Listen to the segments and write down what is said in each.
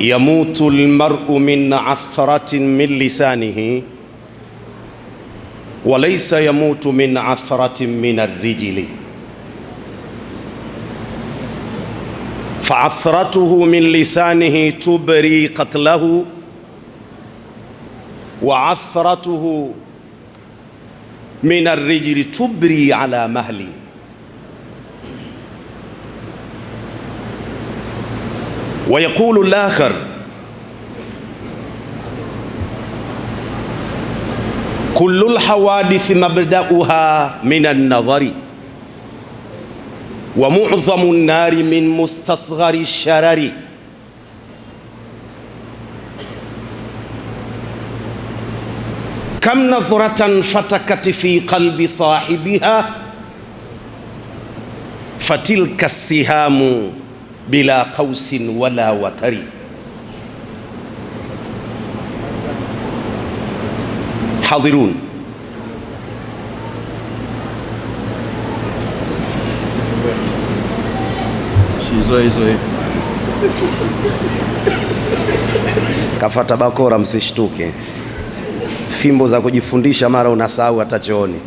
يموت المرء من عثرة من لسانه وليس يموت من عثرة من الرجل فعثرته من لسانه تبري قتله وعثرته من الرجل تبري على مهلي ويقول الآخر كل الحوادث مبدأها من النظر ومعظم النار من مستصغر الشرر كم نظرة فتكت في قلب صاحبها فتلك السهام bila kausin wala watari. Hadirun, kafata bakora, msishtuke. Fimbo za kujifundisha mara unasahau hata chooni.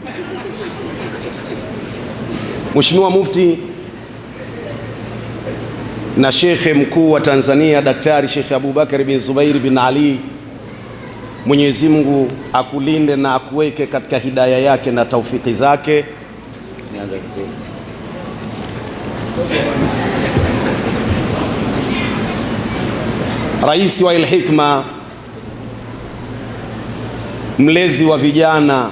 Mheshimiwa Mufti na shekhe mkuu wa Tanzania Daktari Shekhe abubakari bin Zubairi bin Ali, Mwenyezi Mungu akulinde na akuweke katika hidaya yake na taufiki zake. Rais wa ilhikma mlezi wa vijana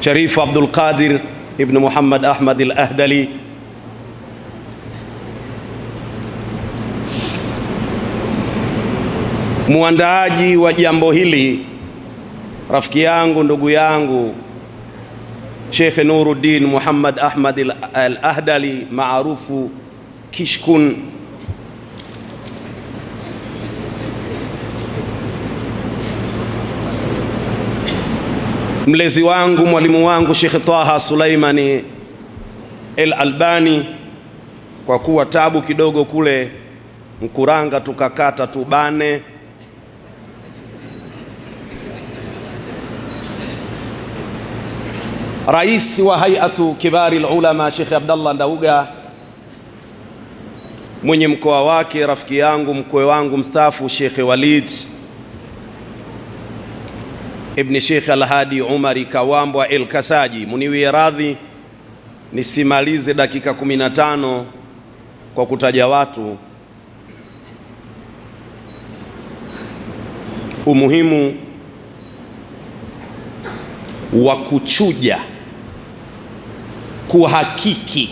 Sharifu Abdul Qadir ibn Muhammad Ahmad Al-Ahdali Muandaaji wa jambo hili rafiki yangu ndugu yangu Sheikh Nuruddin Muhammad Ahmad Al-Ahdali maarufu Kishkun, mlezi wangu, mwalimu wangu Sheikh Taha Sulaimani El Albani, kwa kuwa tabu kidogo kule Mkuranga tukakata tubane Rais wa Hay'atu Kibari Ulama Sheikh Abdallah Ndauga, mwenye mkoa wake rafiki yangu mkwe wangu mstaafu Sheikh Walid ibni Sheikh Alhadi Umari Kawambwa El Kasaji, muniwie radhi nisimalize dakika 15 kwa kutaja watu umuhimu wa kuchuja kuhakiki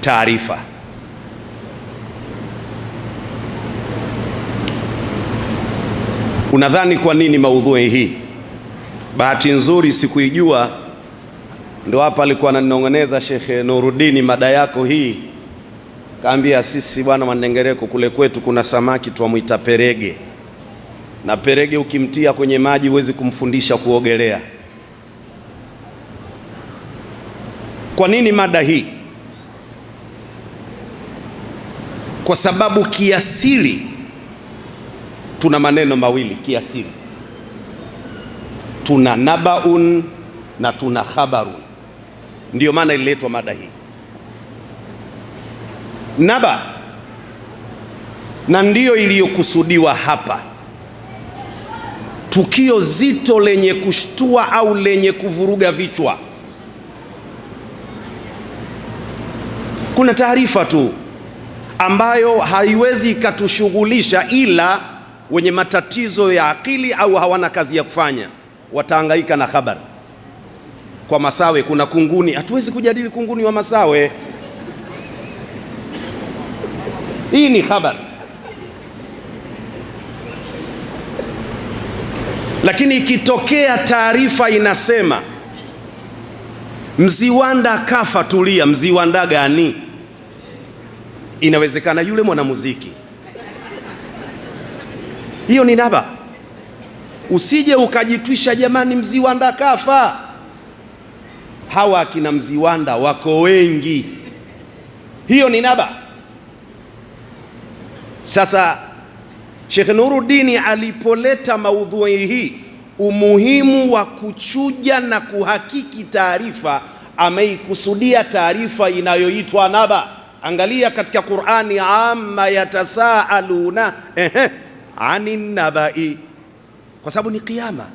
taarifa. Unadhani kwa nini maudhui hii? Bahati nzuri sikuijua, ndo hapa alikuwa ananong'oneza Shekhe Nurudini, mada yako hii. Kaambia sisi bwana Wandengereko, kule kwetu kuna samaki twamwita perege, na perege ukimtia kwenye maji huwezi kumfundisha kuogelea. Kwa nini mada hii? Kwa sababu kiasili tuna maneno mawili kiasili, tuna nabaun na tuna khabarun. Ndiyo maana ililetwa mada hii. Naba na ndiyo iliyokusudiwa hapa, tukio zito lenye kushtua au lenye kuvuruga vichwa kuna taarifa tu ambayo haiwezi ikatushughulisha, ila wenye matatizo ya akili au hawana kazi ya kufanya wataangaika na habari. Kwa Masawe kuna kunguni, hatuwezi kujadili kunguni wa Masawe. Hii ni habari. Lakini ikitokea taarifa inasema Mziwanda kafa, tulia. Mziwanda gani? inawezekana yule mwanamuziki. Hiyo ni naba, usije ukajitwisha jamani, Mziwanda kafa. Hawa akina Mziwanda wako wengi, hiyo ni naba. Sasa Sheikh Nuruddin alipoleta maudhui hii, umuhimu wa kuchuja na kuhakiki taarifa, ameikusudia taarifa inayoitwa naba Angalia katika Qur'ani, amma yatasaaluna ehe, ani nabai, kwa sababu ni kiyama,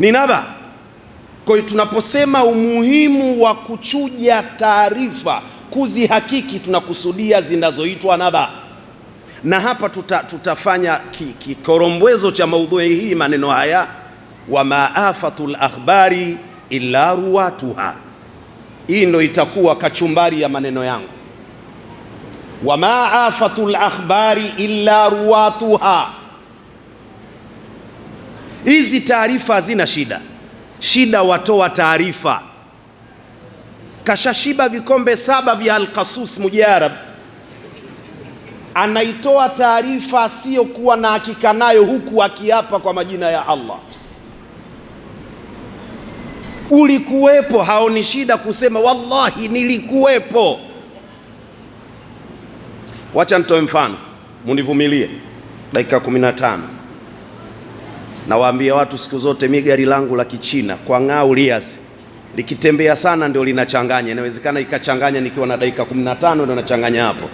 ni naba. Kwa hiyo tunaposema umuhimu wa kuchuja taarifa, kuzihakiki, tunakusudia zinazoitwa naba, na hapa tuta, tutafanya kikorombwezo ki, cha maudhui hii maneno haya, wa maafatul akhbari illa ruwatuha hii ndo itakuwa kachumbari ya maneno yangu. Wama afatu lakhbari illa ruwatuha, hizi taarifa hazina shida. Shida watoa taarifa. Kashashiba vikombe saba vya Alkasus Mujarab, anaitoa taarifa asiyokuwa na hakika nayo, huku akiapa kwa majina ya Allah ulikuwepo, haoni shida kusema wallahi nilikuwepo. Wacha nitoe mfano, munivumilie dakika 15. Nawaambia watu siku zote, mi gari langu la Kichina kwa ng'au lias likitembea sana ndio linachanganya. Inawezekana ikachanganya nikiwa na dakika 15, ndio nachanganya hapo,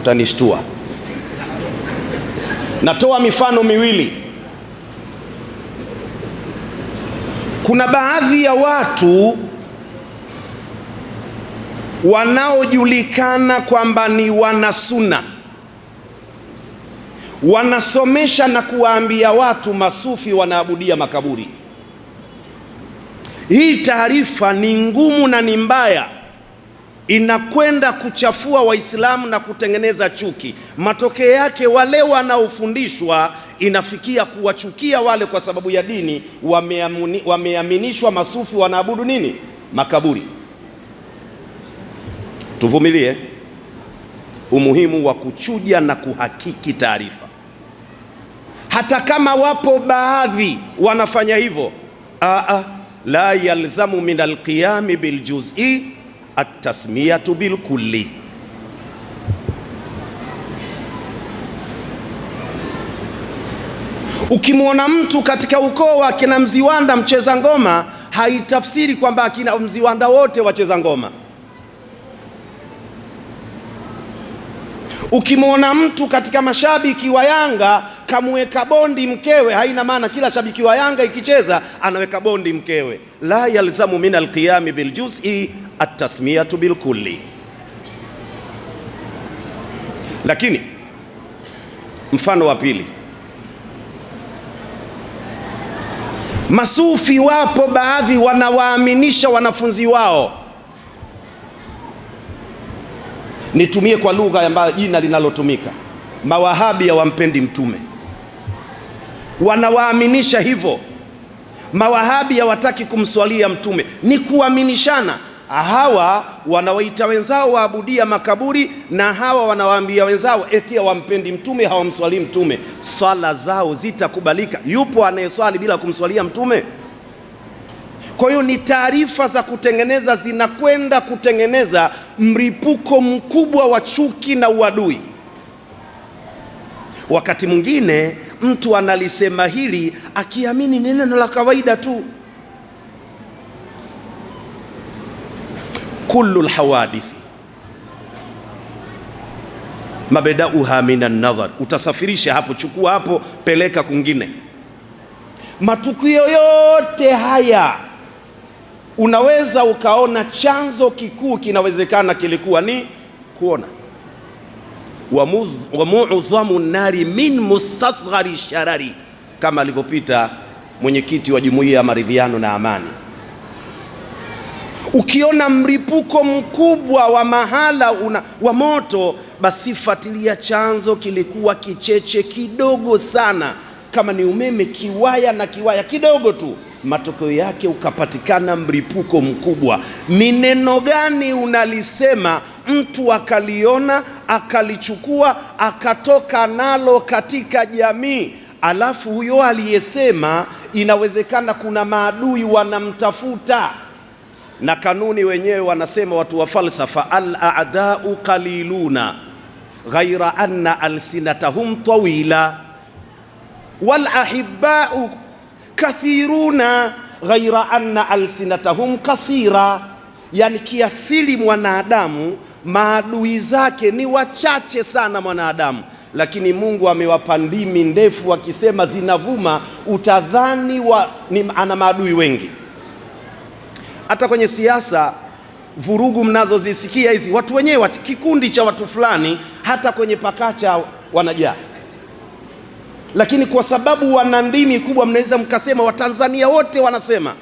utanishtua. Natoa mifano miwili Kuna baadhi ya watu wanaojulikana kwamba ni wanasuna, wanasomesha na kuwaambia watu masufi wanaabudia makaburi. Hii taarifa ni ngumu na ni mbaya inakwenda kuchafua Waislamu na kutengeneza chuki. Matokeo yake wale wanaofundishwa inafikia kuwachukia wale kwa sababu ya dini, wameaminishwa masufi wanaabudu nini? Makaburi. Tuvumilie umuhimu wa kuchuja na kuhakiki taarifa, hata kama wapo baadhi wanafanya hivyo. Aa, la yalzamu min alqiyami biljuz'i atasmiyatu bilkulli. Ukimwona mtu katika ukoo wa kina Mziwanda mcheza ngoma, haitafsiri kwamba akina Mziwanda wote wacheza ngoma. Ukimwona mtu katika mashabiki wa Yanga kamweka bondi mkewe, haina maana kila shabiki wa Yanga ikicheza anaweka bondi mkewe. la yalzamu min alqiyami biljuzi atasmiatu bilkuli Lakini mfano wa pili, masufi wapo baadhi wanawaaminisha wanafunzi wao. Nitumie kwa lugha ambayo jina linalotumika, mawahabi wampendi Mtume, wanawaaminisha hivyo. Mawahabi hawataki kumswalia Mtume, ni kuaminishana hawa wanawaita wenzao waabudia makaburi na hawa wanawaambia wenzao eti hawampendi mtume, hawamswalii mtume. Swala zao zitakubalika? Yupo anayeswali bila kumswalia mtume? Kwa hiyo ni taarifa za kutengeneza, zinakwenda kutengeneza mripuko mkubwa wa chuki na uadui. Wakati mwingine mtu analisema hili akiamini ni neno la kawaida tu kullu lhawadithi mabedauha mina nadhar, utasafirisha hapo, chukua hapo, peleka kwingine. Matukio yote haya unaweza ukaona chanzo kikuu kinawezekana kilikuwa ni kuona wa mu'dhamu nari min mustasghari sharari, kama alivyopita mwenyekiti wa jumuiya ya maridhiano na amani Ukiona mlipuko mkubwa wa mahala una, wa moto, basi fuatilia chanzo kilikuwa kicheche kidogo sana, kama ni umeme, kiwaya na kiwaya kidogo tu, matokeo yake ukapatikana mlipuko mkubwa. Ni neno gani unalisema mtu akaliona akalichukua akatoka nalo katika jamii? Alafu huyo aliyesema, inawezekana kuna maadui wanamtafuta na kanuni wenyewe wanasema watu wa falsafa, al aadau qaliluna ghaira anna alsinatahum tawila wal ahibau kathiruna ghaira anna alsinatahum kasira, yani kiasili mwanadamu maadui zake ni wachache sana mwanadamu, lakini Mungu amewapa ndimi ndefu, akisema zinavuma utadhani wa, ni, ana maadui wengi. Hata kwenye siasa vurugu mnazozisikia hizi, watu wenyewe kikundi cha watu fulani, hata kwenye pakacha wanajaa, lakini kwa sababu wana ndimi kubwa, mnaweza mkasema Watanzania wote wanasema,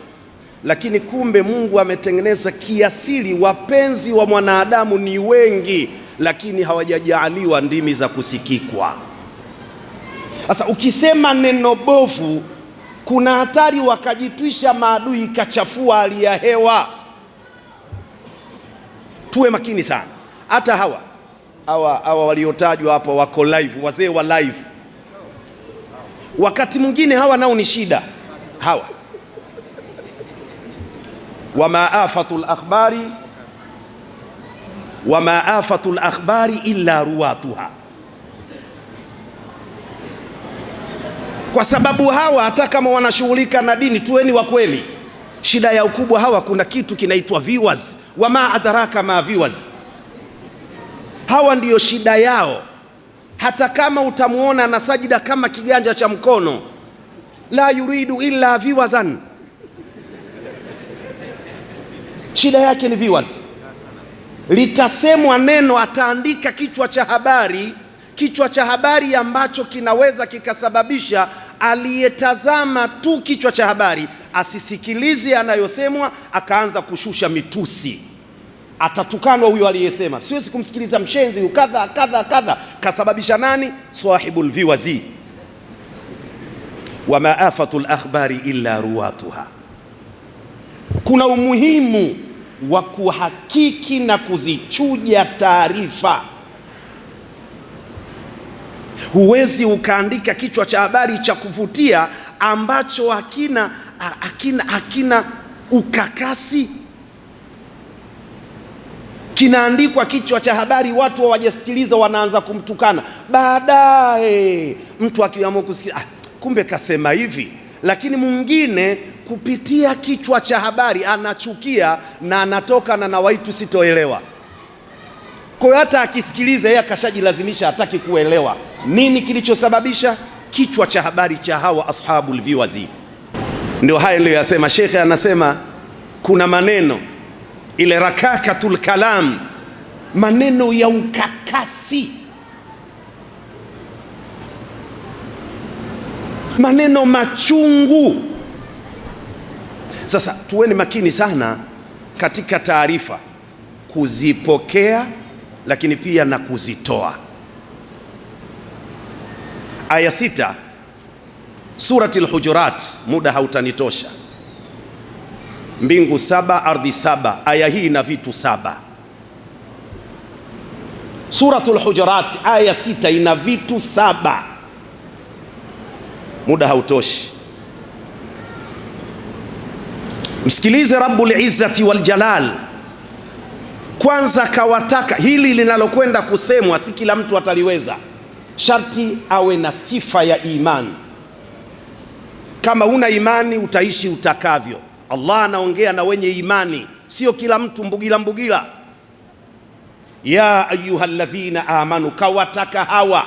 lakini kumbe Mungu ametengeneza kiasili, wapenzi wa mwanadamu ni wengi, lakini hawajajaaliwa ndimi za kusikikwa. Sasa ukisema neno bovu kuna hatari wakajitwisha maadui ikachafua hali ya hewa. Tuwe makini sana. Hata hawa hawa hawa waliotajwa hapa wako live, wazee wa live. Wakati mwingine hawa nao ni shida hawa wama afatu akhbari wama afatu lakhbari illa ruwatuha kwa sababu hawa hata kama wanashughulika na dini, tuweni wa kweli. Shida ya ukubwa hawa, kuna kitu kinaitwa viewers, wama adharaka ma viewers. Hawa ndiyo shida yao. Hata kama utamwona na sajida kama kiganja cha mkono, la yuridu illa viewazan, shida yake ni viewers. Litasemwa neno, ataandika kichwa cha habari, kichwa cha habari ambacho kinaweza kikasababisha aliyetazama tu kichwa cha habari asisikilize anayosemwa, akaanza kushusha mitusi, atatukanwa huyo aliyesema. Siwezi kumsikiliza mshenzi huyu, kadha kadha kadha. Kasababisha nani? Sahibul viwazi wama afatu lakhbari illa ruwatuha. Kuna umuhimu wa kuhakiki na kuzichuja taarifa Huwezi ukaandika kichwa cha habari cha kuvutia ambacho hakina hakina hakina ukakasi. Kinaandikwa kichwa cha habari, watu hawajasikiliza, wanaanza kumtukana. Baadaye mtu akiamua kusikiliza, ah, kumbe kasema hivi. Lakini mwingine kupitia kichwa cha habari anachukia na anatoka na nawaitu sitoelewa kwa hiyo hata akisikiliza yeye akashajilazimisha, hataki kuelewa nini kilichosababisha. Kichwa cha habari cha hawa ashabul viwazi ndio haya yasema Shekhe anasema kuna maneno ile rakakatul kalam, maneno ya ukakasi, maneno machungu. Sasa tuweni makini sana katika taarifa kuzipokea lakini pia na kuzitoa. Aya sita surati Al-Hujurat, muda hautanitosha. Mbingu saba ardhi saba, aya hii na vitu saba. Suratul Hujurat aya sita ina vitu saba, muda hautoshi. Msikilize Rabbul Izzati wal Jalal kwanza kawataka hili linalokwenda kusemwa, si kila mtu ataliweza, sharti awe na sifa ya imani. Kama una imani utaishi utakavyo. Allah anaongea na wenye imani, sio kila mtu mbugila mbugila. Ya alladhina amanu, kawataka hawa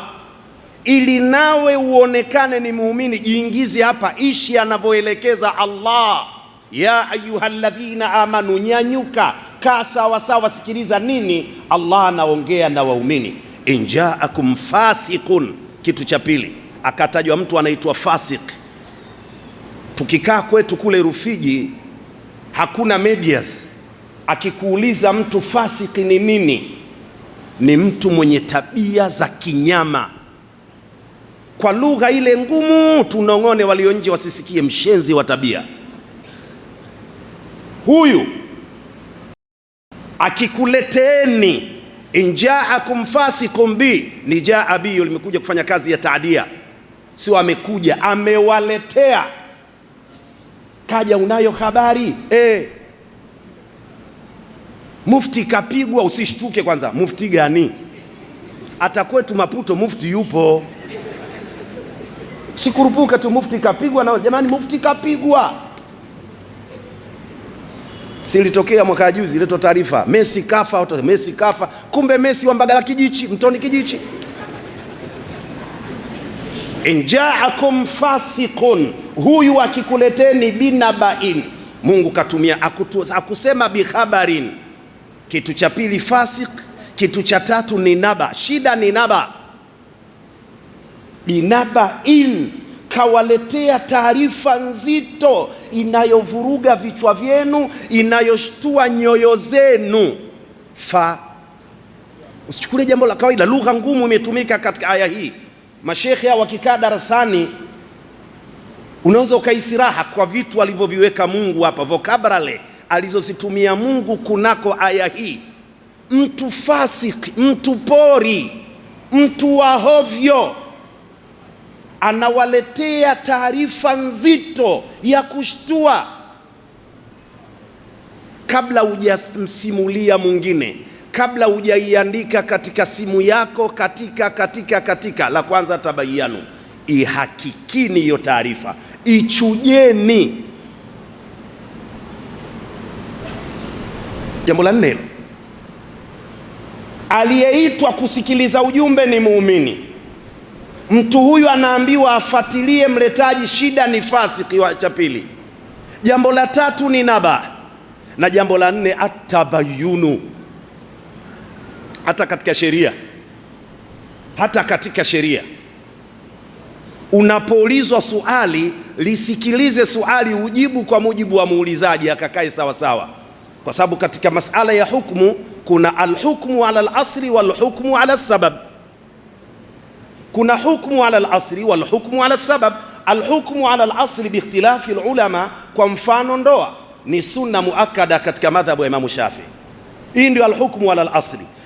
ili nawe uonekane ni muumini, jiingize hapa, ishi anavyoelekeza Allah ya ayyuhalladhina amanu, nyanyuka, kaa sawasawa, sikiliza nini Allah anaongea na waumini. Injaakum fasiqun, kitu cha pili akatajwa mtu anaitwa fasik. Tukikaa kwetu kule Rufiji hakuna medias, akikuuliza mtu fasiki ni nini, ni mtu mwenye tabia za kinyama kwa lugha ile ngumu, tunong'one walio nje wasisikie, mshenzi wa tabia huyu akikuleteeni injaakum fasikum bi ni jaa bi, limekuja kufanya kazi ya taadia, sio amekuja, amewaletea kaja, unayo habari e. Mufti kapigwa, usishtuke kwanza. Mufti gani? Hata kwetu Maputo mufti yupo, sikurupuka tu. Mufti kapigwa na jamani, mufti kapigwa silitokea mwaka juzi, iletwa taarifa Messi kafa, auto, Messi kafa. Kumbe Messi wa Mbagala Kijichi, Mtoni Kijichi. injaakum fasiqun, huyu akikuleteni binabain. Mungu katumia akutu, akusema bihabarin, kitu cha pili fasiq, kitu cha tatu ni naba. Shida ni naba, binabain, kawaletea taarifa nzito inayovuruga vichwa vyenu, inayoshtua nyoyo zenu. Fa, usichukulie jambo la kawaida. Lugha ngumu imetumika katika aya hii. Mashekhe hao wakikaa darasani, unaweza ukaisiraha kwa vitu alivyoviweka Mungu hapa, vocabulary alizozitumia Mungu kunako aya hii. Mtu fasiki, mtu pori, mtu wahovyo anawaletea taarifa nzito ya kushtua kabla hujamsimulia mwingine, kabla hujaiandika katika simu yako, katika katika katika. La kwanza, tabayanu, ihakikini hiyo taarifa, ichujeni. Jambo la nne, aliyeitwa kusikiliza ujumbe ni muumini. Mtu huyu anaambiwa afatilie mletaji shida ni fasiki wa cha pili. Jambo la tatu ni naba, na jambo la nne atabayunu. Hata katika sheria, hata katika sheria unapoulizwa suali lisikilize suali, ujibu kwa mujibu wa muulizaji, akakae sawa sawa, kwa sababu katika masala ya hukmu kuna alhukmu ala alasli walhukmu ala sababu kuna hukmu ala al-asli wal hukmu ala sabab. Alhukmu ala al biikhtilafi bi al kwa mfano ndoa ni sunna muakkada katika madhhabu ya Imamu Shafi. Hii ndio alhukmu ala al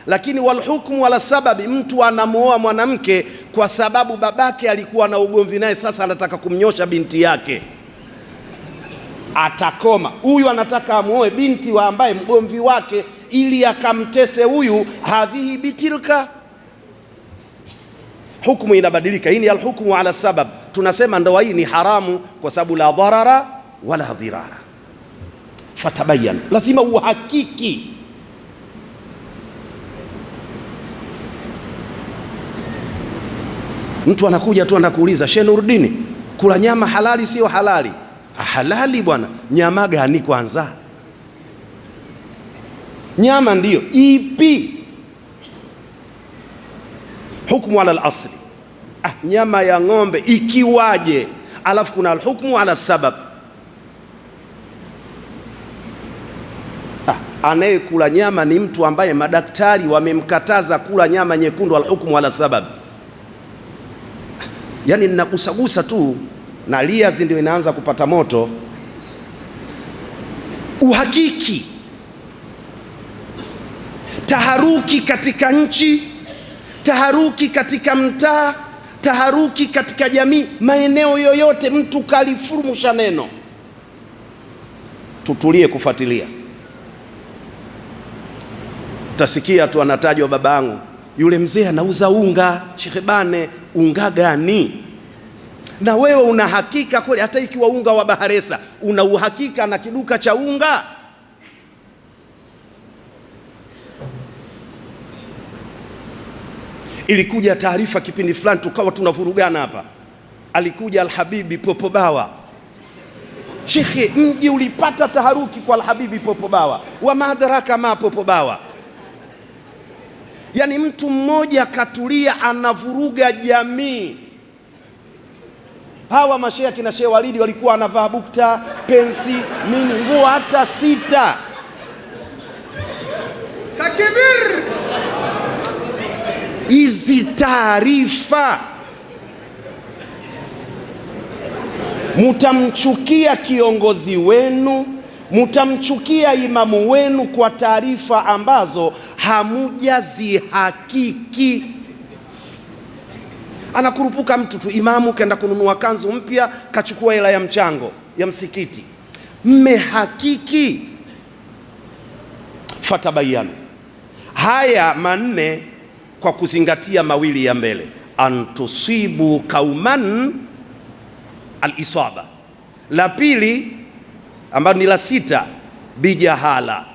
lakini walhukmu ala sababi, mtu anamwoa mwanamke kwa sababu babake alikuwa na ugomvi naye, sasa anataka kumnyosha binti yake atakoma huyu, anataka amwoe binti wa ambaye mgomvi wake, ili akamtese huyu. hadhihi bitilka hukmu inabadilika. Hii ni alhukmu ala sabab, tunasema ndoa hii ni haramu kwa sababu la dharara wala dhirara. Fatabayan, lazima uhakiki Mtu anakuja tu anakuuliza, Sheikh Nuruddin, kula nyama halali sio halali? Ah, halali bwana. Nyama gani kwanza? Nyama ndiyo ipi? hukmu ala alasli. Ah, nyama ya ng'ombe ikiwaje? Alafu kuna alhukmu ala sabab. Ah, anayekula nyama ni mtu ambaye madaktari wamemkataza kula nyama nyekundu, alhukmu ala sabab. Yaani ninagusagusa tu na liazi ndio inaanza kupata moto. Uhakiki, taharuki katika nchi taharuki katika mtaa, taharuki katika jamii, maeneo yoyote, mtu kalifurumusha neno. Tutulie kufuatilia. Utasikia tu anatajwa babangu, yule mzee anauza unga shehebane Unga gani? Na wewe una hakika kweli? Hata ikiwa unga wa Baharesa, una uhakika na kiduka cha unga? Ilikuja taarifa kipindi fulani, tukawa tunavurugana hapa. Alikuja Alhabibi Popobawa, shekhe, mji ulipata taharuki kwa Alhabibi Popobawa. Wa madaraka ma Popobawa, yaani mtu mmoja katulia anavuruga jamii. Hawa mashehe kina Shehe Walidi walikuwa wanavaa bukta, pensi, nini, nguo hata sita, takbir hizi taarifa. Mutamchukia kiongozi wenu, mutamchukia imamu wenu kwa taarifa ambazo hamujazihakiki. Anakurupuka mtu tu, imamu kaenda kununua kanzu mpya, kachukua hela ya mchango ya msikiti. Mmehakiki? Fatabayanu. Haya manne kwa kuzingatia mawili ya mbele, antusibu kauman alisaba. La pili ambalo ni la sita, bijahala,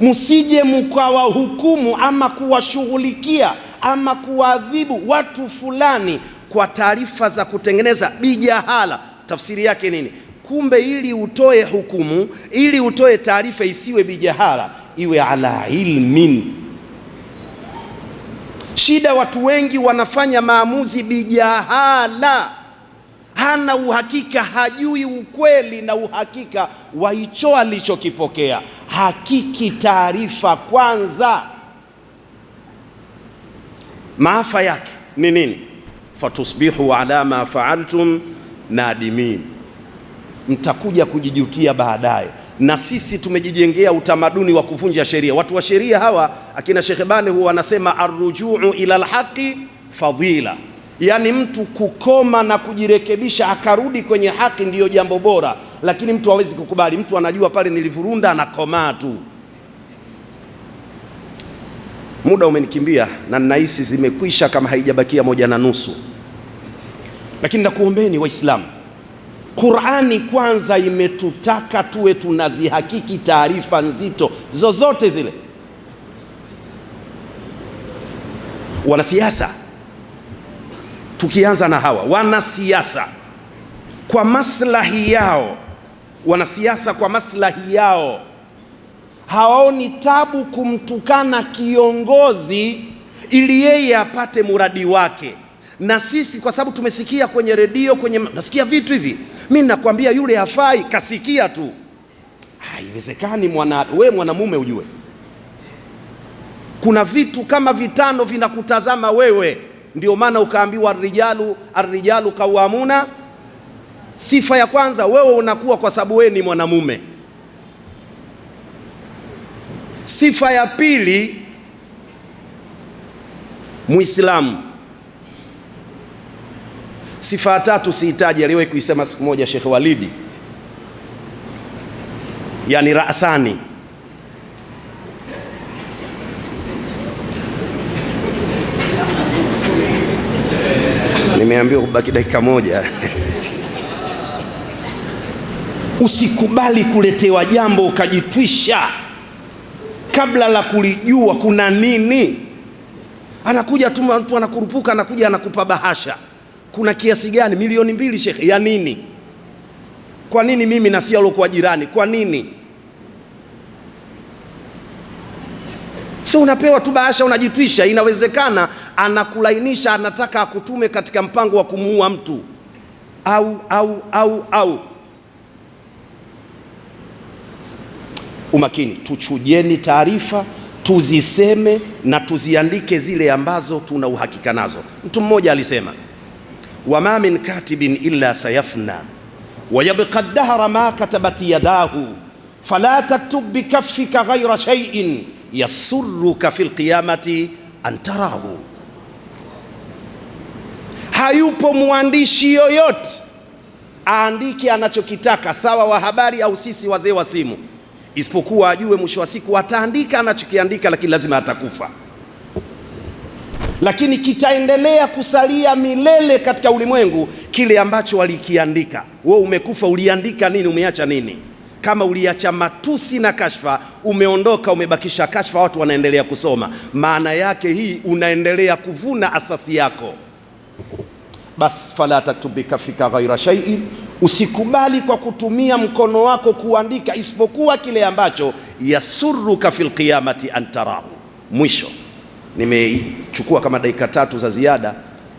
msije mkawahukumu ama kuwashughulikia ama kuwaadhibu watu fulani kwa taarifa za kutengeneza bijahala. Tafsiri yake nini? Kumbe ili utoe hukumu, ili utoe taarifa isiwe bijahala, iwe ala ilmin Shida watu wengi wanafanya maamuzi bijahala, hana uhakika, hajui ukweli na uhakika wa hicho alichokipokea. Hakiki taarifa kwanza. Maafa yake ni nini? Fatusbihu ala ma faaltum nadimin, mtakuja kujijutia baadaye na sisi tumejijengea utamaduni wa kuvunja sheria. Watu wa sheria hawa akina Sheikh huwa wanasema arrujuu ila alhaqi fadila, yaani mtu kukoma na kujirekebisha akarudi kwenye haki ndiyo jambo bora, lakini mtu hawezi kukubali. Mtu anajua pale nilivurunda, anakomaa tu. Muda umenikimbia na ninahisi zimekwisha, kama haijabakia moja na nusu, lakini nakuombeni Waislamu Qurani kwanza imetutaka tuwe tunazihakiki taarifa nzito zozote zile. Wanasiasa, tukianza na hawa wanasiasa kwa maslahi yao, wanasiasa kwa maslahi yao hawaoni tabu kumtukana kiongozi ili yeye apate muradi wake. Na sisi kwa sababu tumesikia kwenye redio, kwenye nasikia vitu hivi Mi nakwambia yule hafai, kasikia tu. Haiwezekani mwana, we mwanamume ujue kuna vitu kama vitano vinakutazama wewe. Ndio maana ukaambiwa arrijalu arrijalu kawamuna. Sifa ya kwanza wewe unakuwa kwa sababu wewe ni mwanamume. Sifa ya pili Muislamu Sifa tatu sihitaji, aliwahi kuisema siku moja Sheikh Walidi, yani rasani nimeambiwa kubaki dakika moja usikubali kuletewa jambo ukajitwisha kabla la kulijua kuna nini. Anakuja tu mtu anakurupuka, anakuja anakupa bahasha kuna kiasi gani? Milioni mbili shekhe, ya nini? Kwa nini mimi na si alokuwa jirani? Kwa nini? Sio unapewa tu bahasha unajitwisha. Inawezekana anakulainisha, anataka akutume katika mpango wa kumuua mtu au au au au. Umakini, tuchujeni taarifa tuziseme na tuziandike zile ambazo tuna uhakika nazo. Mtu mmoja alisema ma min katibin illa sayafna wayabqa dahra ma katabat yadahu fala taktub bikaffika ghayra shay'in yasurruka fil qiyamati an tarahu, hayupo mwandishi yoyote aandike anachokitaka sawa wa habari au sisi wazee wa simu, isipokuwa ajue mwisho wa siku ataandika anachokiandika, lakini lazima atakufa lakini kitaendelea kusalia milele katika ulimwengu kile ambacho walikiandika. Wewe umekufa, uliandika nini? Umeacha nini? Kama uliacha matusi na kashfa, umeondoka, umebakisha kashfa, watu wanaendelea kusoma. Maana yake hii, unaendelea kuvuna asasi yako. Bas, fala taktubika fika ghaira shay'in, usikubali kwa kutumia mkono wako kuandika isipokuwa kile ambacho yasuruka fil qiyamati antarahu. Mwisho nimechukua kama dakika tatu za ziada.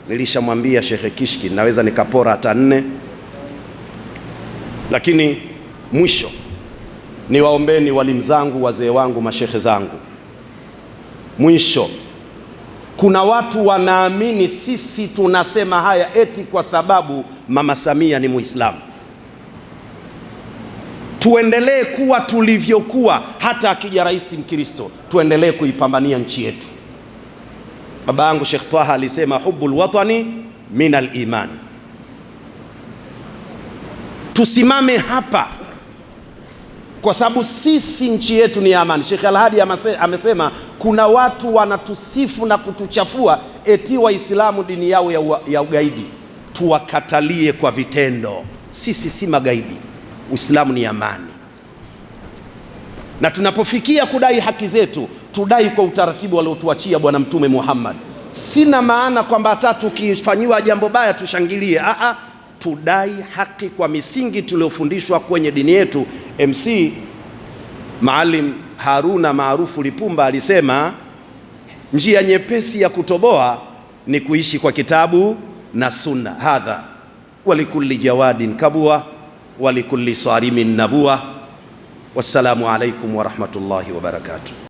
Nilishamwambia Shekhe Kishki naweza nikapora hata nne, lakini mwisho niwaombeni walimu zangu, wazee wangu, mashehe zangu. Mwisho, kuna watu wanaamini sisi tunasema haya eti kwa sababu Mama Samia ni Muislamu. Tuendelee kuwa tulivyokuwa, hata akija rais Mkristo tuendelee kuipambania nchi yetu. Baba yangu Sheikh Twaha alisema hubbul watani min al-iman. Tusimame hapa kwa sababu sisi nchi yetu ni amani. Sheikh Alhadi amesema kuna watu wanatusifu na kutuchafua eti Waislamu dini yao ya, ya ugaidi. Tuwakatalie kwa vitendo. Sisi si magaidi, Uislamu ni amani, na tunapofikia kudai haki zetu tudai kwa utaratibu waliotuachia Bwana Mtume Muhammad. Sina maana kwamba hata tukifanyiwa jambo baya tushangilie, a, ah, ah. tudai haki kwa misingi tuliyofundishwa kwenye dini yetu. MC Maalim Haruna maarufu Lipumba alisema njia nyepesi ya kutoboa ni kuishi kwa kitabu na sunna. Hadha walikulli jawadin kabua walikulli sarimin nabua. Wassalamu alaikum warahmatullahi wabarakatuh.